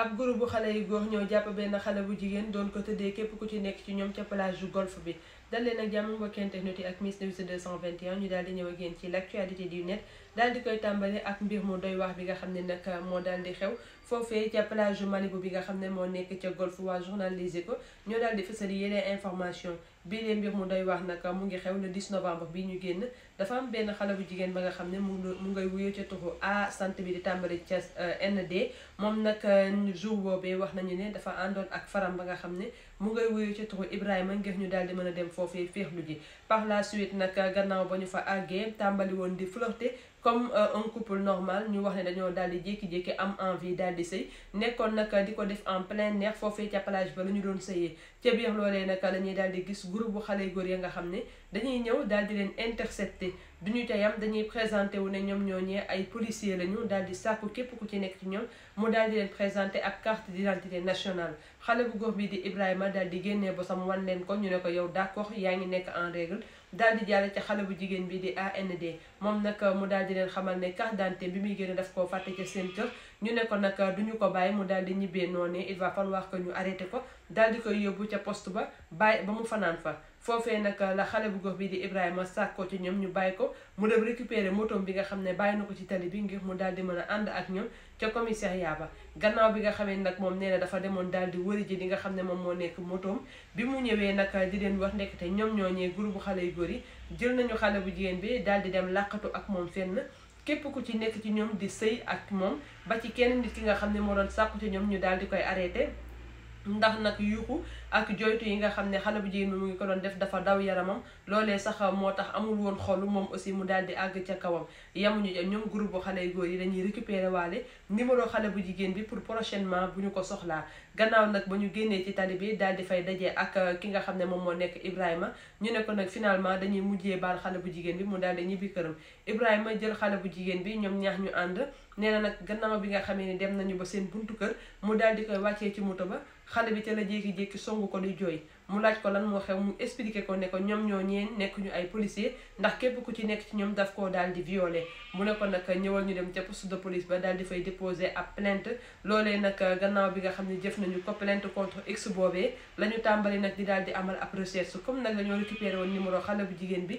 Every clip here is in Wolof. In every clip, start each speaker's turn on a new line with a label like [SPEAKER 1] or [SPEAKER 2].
[SPEAKER 1] ab groupe bu xale yu góor ñoo jàpp benn xale bu jigéen doon ko tëddee képp ku ci nekk ci ñoom ca plage golf bi dal leen ak jàmm mbokki internet yi ak Miss News 221 ñu daal di ñëw ak yéen ci l' actualité du net daal di koy tàmbale ak mbir mu doy wax bi nga xam ne nag moo daal di xew foofee ca plage Malibu bi nga xam ne moo nekk ca golf waa journal Les Échos ñoo daal di fësal yeneen information bii mbir mu doy wax nag mu ngi xew le dis novembre bi ñu génn dafa am benn xale jigéen ba nga xam ne mu mu ngay wuyoo ca tuxu a sant bi di tàmbali ca eh, nd moom nag euh, jour boobee wax nañu ne dafa àndoon ak faram ba nga xam ne mu ngay wuyoo ca tuxu Ibrahima ngir ñu daal di mën a dem fofé firme gi par la suite nak gannaaw bañu fa àggee tambali won di flirter comme euh, un couple normal ñu wax né dañoo daal di jéki jékki am envie daal di sëy nekkoon nag di def en plein air fofé ci plage ba la ñu doon sëyee ci biir lolé nak la ñuy daal di gis groupe bu xale góor ya nga xamné dañuy ñëw daal di leen intercepter du ñu dañuy présenté wu ne ñoom ñooñee ay policier lañu daal di sàkku képp ku ci nekk ci ñoom mu daal di leen présenté ak carte d'identité nationale xale bu góor bi di Ibrahima daal di génnee bosam wan leen ko ñu ne ko yow d'accord yaa ngi nekk en règle daal di jàll ci xale bu jigéen bi di AND moom nag mu daal di leen xamal ne carte d'identité bi muy génne daf koo fàtte ca seen kër ñu ne ko nag duñu ko bàyyi mu daal di ñibbee noonee il va falloir que ñu arrêté ko daal di koy yóbbu ca post ba bàyyi ba mu fanaan fa foofee nag la xale bu góor bi di Ibrahima sàkkoo ci ñoom ñu bàyyi ko mu dem récupérer motoom bi nga xam ne bàyyi na ko ci bi ngir mu daal di mën a ànd ak ñoom ca commissariat ba gannaaw bi nga xamee nag moom nee na dafa demoon daal di wëri ji li nga xam ne moom moo nekk motoom bi mu ñëwee nag di leen wax ndekete ñoom ñoo ñëwee groupe xale yu góor yi jël nañu xale bu jigéen bi daal di dem làqatu ak moom fenn képp ku ci nekk ci ñoom di sëy ak moom ba ci kenn nit ki nga xam ne moo doon sàkku ci ñoom ñu daal di koy arrêté ndax nag yuuxu ak joytu yi nga xam ne xale bu jigéen bi mu ngi ko doon def dafa daw yaramam loolee sax moo tax amul woon xolu moom aussi mu daal di àgg ca kawam yemuñu ja ñoom groupe bu xale góor yi dañuy récupérer waale numéro xale bu jigéen bi pour prochainement bu ñu ko soxlaa gannaaw nag ba ñu génnee ci tali bi daal di fay daje ak ki nga xam ne moom moo nekk Ibrahima ñu ne ko nag finalement dañuy mujje baal xale bu jigéen bi mu daal di ñibbi këram Ibrahima jël xale bu jigéen bi ñoom ñaax ñu ànd nee na nag gannaaw bi nga xamee ni dem nañu ba seen buntu kër mu daal di koy wàccee ci moto ba xale bi ca la jékki-jékki songu ko di jooy mu laaj ko lan moo xew mu expliqué ko ne ko ñoom ñoo ñeen nekkuñu ay policier ndax képp ku ci nekk ci ñoom daf koo daal di violé mu ne ko nag ñëwal ñu dem ca poste de police ba daal di fay déposé ab plainte loole nag gannaaw bi nga xam ne jëf nañu ko plainte contre x boobee la ñu tàmbali nag di daal di amal ab recherche comme nag la ñoo récupéré woon numéro xale bu jigéen bi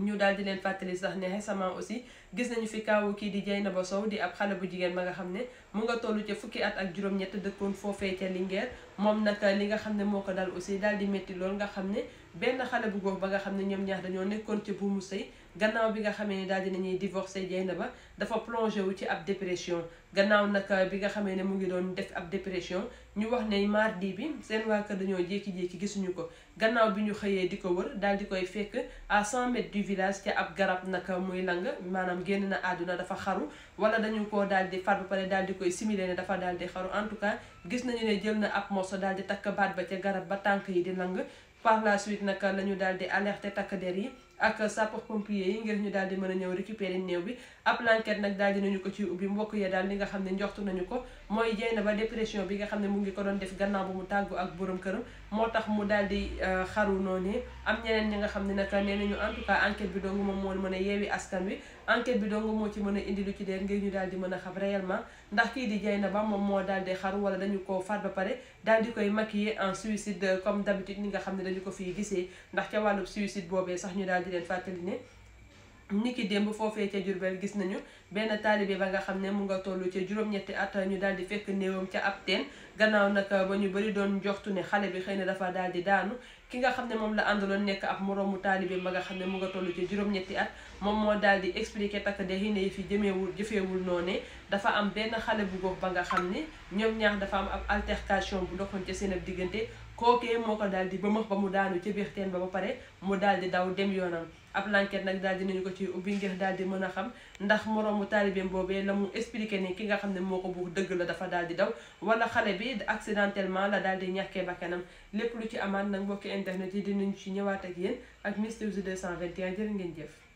[SPEAKER 1] ñu daal di leen fàttali sax ne récemment aussi gis nañu fi kaawu kii di jay na ba Sow di ab xale bu jigéen ba nga xam ne mu nga toll ca fukki at ak juróom-ñett dëkkoon foofee ca Linguère moom nag li nga xam ne moo ko dal aussi daal di métti lool nga xam ne benn xale bu góor ba nga xam ne ñoom ñaar dañoo nekkoon ca buumu sëy gannaaw bi nga xamee ni daal di nañuy divorcé Dieynaba dafa plongé wu ci ab dépression gannaaw nag bi nga xamee ne mu ngi doon def ab dépression ñu wax ne mardi bi seen waa dañoo jékki-jékki gisuñu ko gannaaw bi ñu xëyee di ko wër daal di koy fekk à sant mètres du village ca ab garab nag muy lang maanaam génn na àdduna dafa xaru wala dañu ko daal di far bu pare daal di koy similé ne dafa daal di xaru en tout cas gis nañu ne jël na ab morceau daal di takk baat ba ca garab ba tànk yi di lang par la suite nag la ñu daal di alerté takk der yi ak sapeur pompier yi ngir ñu daal di mën a ñëw récupérer néew bi ab l'enquête nag daal dinañu ko ci ubbi mbokk ya daal li nga xam ne njoxtu nañu ko mooy jey na ba dépression bi nga xam ne mu ngi ko doon def gannaaw bu mu tàggu ak borom këram moo tax mu daal di euh, xaru noonu am ñeneen ñi nga xam ne nag nee nañu en tout bi dong moom moo mën a yeewi askan wi enquête bi dong moo ci mën a indi lu ci leer ngir ñu daal di mën a xam réellement ndax kii di jey na ba moom moo daal di xaru wala dañu ko far ba pare daal di koy maquiller en suicide euh, comme d'habitude ni nga xam ne dañu ko fi gisee ndax ca wàllu suicide boobee ñu daal di fàttali ne ni ki démb foofee ca Jurbel gis nañu benn taalibe ba nga xam ne mu nga toll ca juróom-ñetti at ñu daal di fekk néewam ca ab teen gannaaw nag ba ñu bëri doon joxtu ne xale bi xëy na dafa daal di daanu ki nga xam ne moom la àndaloon nekk ab moroomu taalibee ba nga xam ne mu nga toll ca juróom-ñetti at moom moo daal di expliqué takk de yi ne fi jëmeewul jëfeewul noonee dafa am benn xale bu góor ba nga xam ne ñoom ñaax dafa am ab altercation bu doxoon ca seen ab diggante koke moo ko daal ba max ba mu daanu ci biir ten ba ba pare mu daldi daw dem yonam ab lanket nak daldi dinañu ko ci ubbi ngir daldi meuna xam ndax moromu taalibeem boobee lamu expliquer ni ki nga xamne moko bu deug la dafa daldi daw wala xale bi accidentellement la daldi ñaké bakanam lépp lu ci amane nak mbokk internet yi dinañu ci ñëwaat ak yéen ak Miss 221 jërë ngeen jëf